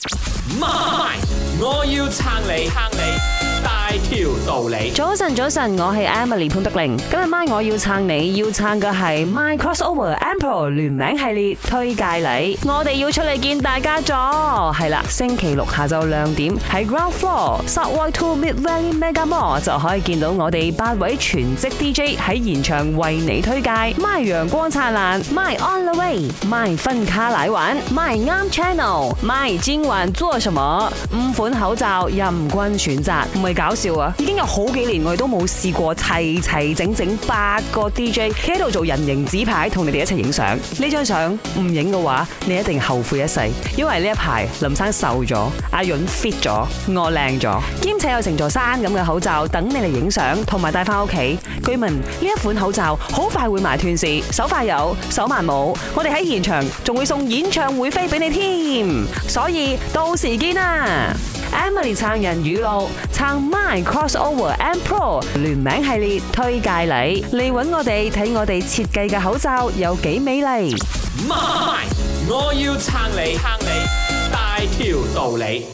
媽咪，My，我要撐你，撐你。大條道理，早晨早晨，我係 Emily 潘德玲。今日 my 我要撐你，要撐嘅係 my crossover Emperor 聯名系列推介禮。我哋要出嚟見大家咗，係啦，星期六下晝兩點喺 ground floor Subway to Mid Valley Megamall 就可以見到我哋八位全職 DJ 喺現場為你推介 my 陽光燦爛，my on the way，my 分卡奶玩，my 啱 channel，my 煎環做什麼？五款口罩任君選擇。搞笑啊！已經有好幾年我哋都冇試過齊齊整整八個 DJ 企喺度做人形紙牌，同你哋一齊影相。呢張相唔影嘅話，你一定後悔一世，因為呢一排林生瘦咗，阿潤 fit 咗，我靚咗，兼且有成座山咁嘅口罩等你嚟影相，同埋帶翻屋企。據聞呢一款口罩好快會埋斷時，手快有，手慢冇。我哋喺現場仲會送演唱會飛俾你添，所以到時見啦！Emily 撐人語錄，撐 Mine Cross Over M Pro 聯名系列推介你，嚟揾我哋睇我哋設計嘅口罩有幾美麗。Mine，我要撐你撐你，大條道理。